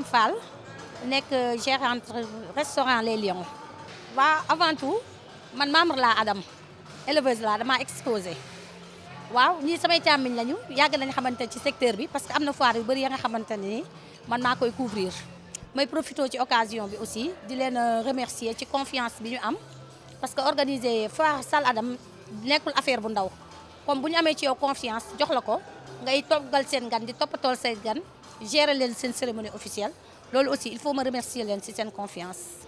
Madame Fall nekk euh, gérante restaurant Les Lions waa avant tout man membre laa Adam éleveuse laa damaa exposé waaw ñii samay càmmiñ lañu yàgg nañ xamante ci secteur bi parce que am na foire yu bëri ya nga xamante ni man maa koy couvrir may profité ci occasion bi aussi di leen euh, remercier ci confiance bi ñu am parce que organiser foire sal Adam nekkul affaire bu ndaw comme bu ñu amee ci yow confiance jox la ko ngay toggal seen gan di toppatool seen gan gérer leen seen cérémonie officielle loolu aussi il faut ma remercier leen si seen confiance.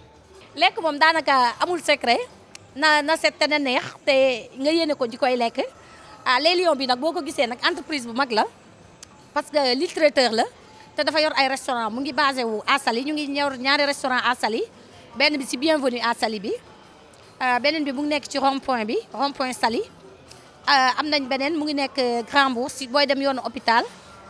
lekk moom daanaka amul secret na na set te na neex te nga yéene ko di koy lekk ah les bi nag boo ko gisee nag entreprise bu mag la parce que li la te dafa yor ay restaurant mu ngi basé wu à Saly ñu ngi ñor ñaari restaurant à Saly benn bi si ci bienvenue à sali bi euh, beneen bi mu ngi nekk ci rond bi rond sali euh, am nañ beneen mu ngi nekk Grand Bourg booy dem yoonu hôpital.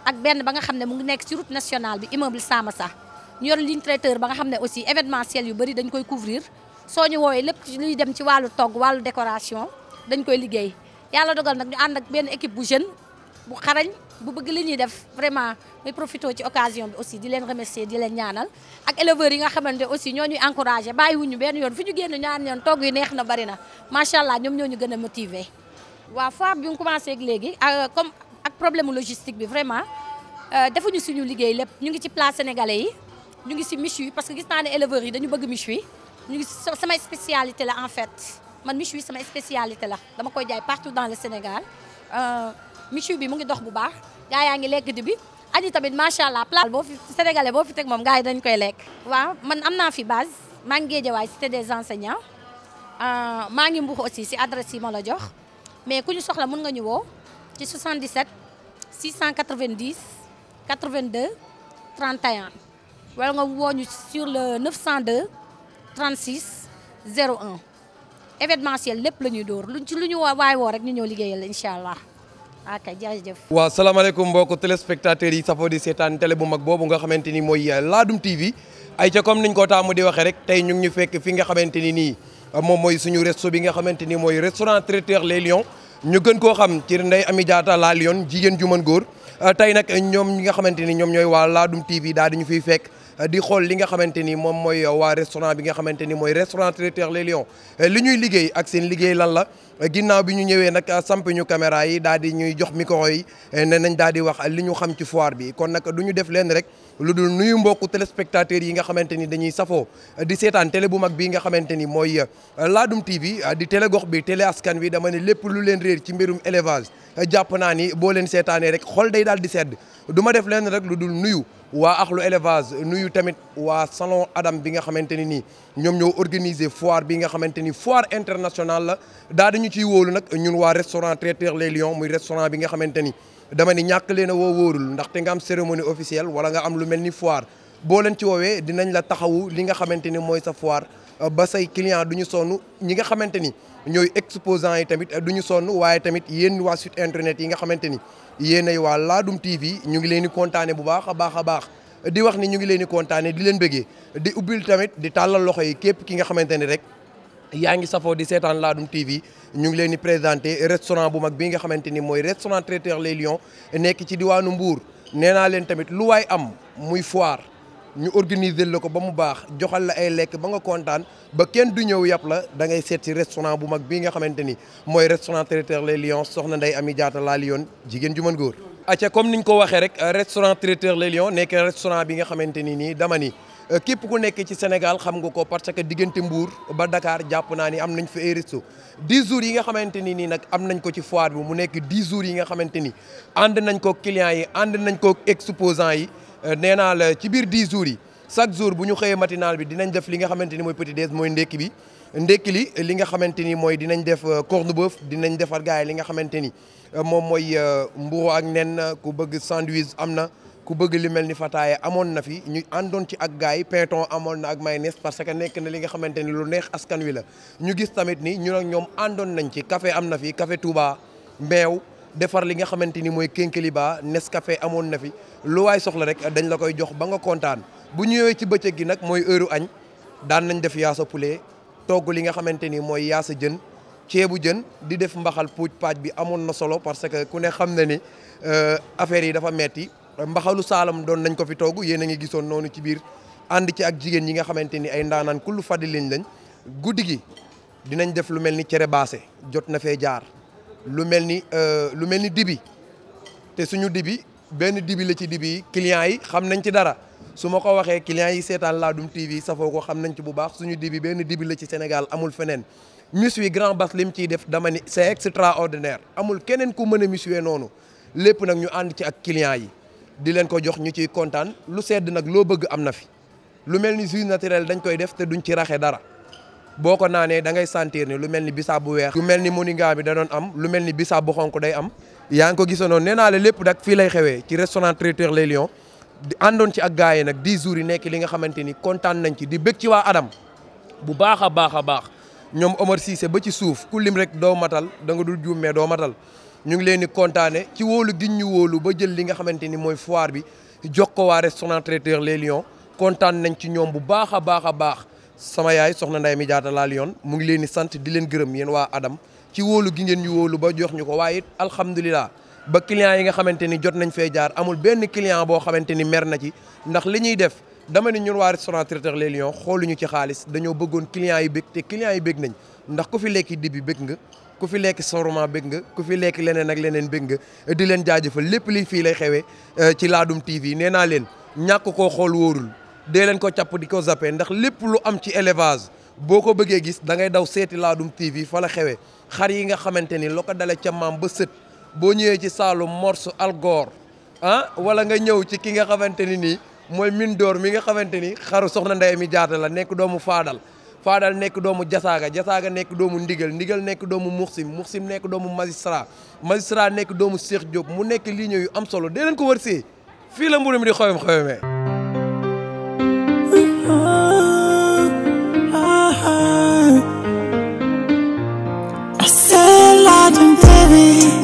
ak benn ba nga xam ne mu ngi nekk ci route nationale bi immeuble Samassa ñu yor ligne traiteur ba nga xam ne aussi événementiel yu bëri dañ koy couvrir soo ñu woowee lépp luy dem ci wàllu togg wàllu décoration dañ koy liggéey yàlla dogal nag ñu ànd ak benn équipe bu jeune bu xarañ bu bëgg li ñuy def vraiment muy profité ci occasion bi aussi di leen remercier di leen ñaanal ak éleveurs yi nga xamante aussi ñoo ñuy encouragé bàyyiwuñu benn yoon fu ñu génn ñaan yoon togg yi neex na bari na macha allah ñoom ñoo ñu gën a ak problème logistique bi vraiment euh, defuñu suñu liggéey lépp ñu ngi ci place sénégalais yi ñu ngi si michu yi parce que gis naa ne éleveurs yi dañu bëgg michu yi ñu ngi sama spécialité la en fait man michu yi sama spécialité la dama koy jaay partout dans le Sénégal euh, michu bi mu ngi dox bu baax gaa yaa ngi lekk di bi añi tamit macha allah plat boo fi sénégalais boo fi teg moom gaa yi dañ koy lekk. waaw man am naa fi base maa ngi Guédiawaye cité des enseignants euh, maa ngi Mbour aussi si adresse yi ma la jox mais ku ñu soxla mun nga ñu woo ci 77. cent 690 82 31 wala nga woo ñu sur le 902 36 01 événementiel lépp la ñuy dóor luñ ci lu ñu waay woo rek ñu ñëw liggéeyal incha allah. ok jërëjëf. waaw salaamaaleykum mbokki téléspectateurs yi safoo di seetaan télé bu mag boobu nga xamante ni mooy euh, Ladoum TV ay ca comme niñ ko taamu di waxee rek tey ñu ñu fekk fi nga xamante ni nii moom mooy suñu resto bi nga xamante ni mooy restaurant traiteur Les Lions. ñu gën koo xam ci Ndeye Amy Diatta la Lyon jigéen ju mën góor euh, tey nag euh, ñoom ñi nga xamante ni ñoom ñooy waa Ladoum TV daal di ñu fiy fekk euh, di xool li nga xamante ni moom mooy waa restaurant bi nga xamante ni mooy restaurant Traiteurs Les Lions li ñuy liggéey ak seen liggéey lan la ginnaaw bi ñu ñëwee nag samp ñu caméra yi daal di ñuy jox micro yi ne nañ daal di wax li ñu xam ci foir bi kon nag du ñu def leen rek lu dul nuyu mbokku téléspectateurs yi nga xamante ni dañuy safoo di seetaan télé bu mag bii nga xamante ni mooy euh, Laadum TV euh, di télé gox bi télé askan wi dama ne lépp lu leen réer ci mbirum élevage euh, jàpp naa ni boo leen seetaanee rek xool day daal di sedd duma def leen rek lu dul nuyu waa axlu élevage nuyu tamit waa salon Adam bi nga xamante ni nii ñoom ñoo organiser foire bi nga xamante ni foire international la daa dañu ciy wóolu nag ñun waa restaurant traiteur les lions muy restaurant bi nga xamante ni dama ni ñàkk leen a woo ndax te nga am cérémonie officielle wala nga am lu mel ni foire boo leen ci woowee dinañ la taxawu li nga xamante ni mooy sa foire euh, ba say client du ñu sonn ñi nga xamante ni ñooy exposants yi tamit euh, du ñu sonn waaye tamit yéen waa site internet yi nga xamante ni yéen ay waa Ladoum TV ñu ngi leen di kontaane bu baax a baax a baax di wax ni ñu ngi leen di kontaane di leen bëggee di ubbil tamit di tàllal loxo yi képp ki nga xamante ni rek yaa ngi safoo di seetaan Ladoum TV ñu ngi leen di présenté restaurant bu mag bi nga xamante ni mooy restaurant traiteur les lions nekk ci diwaanu Mbour nee naa leen tamit lu waay am muy foire ñu organiser la ko ba mu baax joxal la ay lekk ba nga kontaan ba kenn du ñëw yàpp la da ngay seet ci restaurant bu mag bii nga xamante ni mooy restaurant traiteur les lions soxna Ndeye Amy Diatta laa Lion jigéen ju mën góor. acca comme niñ ko waxee rek restaurant traiteur les lions nekk restaurant bi nga xamante ni nii dama ni. Euh, képp ku nekk ci Sénégal xam nga ko parce que diggante mbuur ba Dakar jàpp naa ni am nañ fa ay resto 10 jours yi nga xamante ni nii nag am nañ ko ci foire bi mu nekk 10 jours yi nga xamante ni ànd nañ ko clients yi ànd nañ ko exposant yi euh, nee naa la ci biir 10 jours yi chaque jour bu ñu xëyee matinal bi dinañ def li nga xamante ni mooy petit déj mooy ndekki bi ndekki li li nga xamante ni mooy dinañ def euh, corned-beef dinañ defar gars li nga xamante ni moom mooy mburu ak nen ku bëgg sandwich am na ku bëgg li mel ni fataaye amoon na fi ñu àndoon ci ak gars yi peeton amoon na ak mayonnaise parce que nekk na li nga xamante ni lu neex askan wi la ñu gis tamit ni ñun ak ñoom àndoon nañ ci kafe am na fi café Touba meew defar li nga xamante ni mooy nes Nescafé amoon na fi lu waay soxla rek dañ la koy jox ba nga kontaan bu ñu ñëwee ci bëccëg gi nag mooy heure añ daan nañ def yaasa poulet togg li nga xamante ni mooy yaasa jën ceebu jën di def mbaxal puuj paaj bi amoon na solo parce que ku ne xam na ni euh, affaire yi dafa metti mbaxalu saalam doon nañ ko fi togg yéen a ngi gisoon noonu ci biir ànd ci ak jigéen ñi nga xamante ni ay ndaanaan kullu faddi liñ lañ guddi gi dinañ def lu mel ni cere baase jot na fee jaar lu mel ni euh, lu mel ni dibi te suñu dibi benn dibi la ci dibi clients yi xam nañ ci dara su ma ko waxee clients yi seetaan Ladoum TV safoo ko xam nañ ci bu baax suñu dibi benn dibi la ci Sénégal amul feneen miss wi grand bas lim ciy def dama ni c'est extraordinaire amul keneen ku mën a miss noonu lépp nag ñu ànd ci ak clients yi di leen ko jox ñu ciy kontaan lu sedd nag loo bëgg am na fi lu mel ni jus naturel dañ koy def te duñ ci raxe dara boo ko naanee da ngay sentir ni lu mel ni bisaab bu weex. lu mel ni moninga bi da doon am lu mel ni bisaab bu xonk day am yaa ngi ko gisanoon nee naa lépp nag fii lay xewee ci restaurant traiteur les lions di àndoon ci ak gars yi nag 10 jours yi nekk li nga xamante ni kontaan nañ ci di bëgg ci waa Adam bu baax a baax a baax ñoom Omar Cissé ba ci suuf ku lim rek doo matal da nga mais doo matal. ñu ngi leen di kontaane ci wóolu gi ñu wóolu ba jël li nga xamante ni mooy foire bi jox ko waa restaurant traiteur les lion kontaan nañ ci ñoom bu baax a baax a baax sama yaay soxna nday mi jaata laa lion mu ngi leen di sant di leen gërëm yéen waa Adam ci wóolu gi ngeen ñu wóolu ba jox ñu ko waaye it alhamdulilah ba client yi nga xamante ni jot nañ fee jaar amul benn client boo xamante ni mer na ci ndax li ñuy def dama ne ñun waa restaurant traiteur les lions xooluñu ci xaalis dañoo bëggoon client yi bég te client yi bég nañ ndax ku fi lekki bég nga ku fi lekk sorement bëgg nga ku fi lekk leneen ak leneen bëgg nga di leen jaajëfal lépp li fii lay xewee euh, ci Ladoum TV nee naa leen ñàkk koo xool wóorul dee leen ko càpp di ko zappé ndax lépp lu am ci élevage boo ko bëggee gis da ngay daw seeti laadum TV fa la xewee xar yi nga xamante ni loo ko dalee ca maam ba sët boo ñëwee ci Saalum Morse Algor ah wala nga ñëw ci ki nga xamante ni nii mooy Mindor mi nga xamante ni xaru soxna Ndeye mi jaata la nekk doomu faadal Fadal nekk doomu Jasaaga Jasaaga nekk doomu Ndigal Ndigal nekk doomu Muxsim Muxsim nekk doomu magistrat magistrat nekk doomu Cheikh Diop mu nekk ligne yu am solo dee leen ko wërsee fii la mburu mi di xoyom xoyomee. I said, Lord,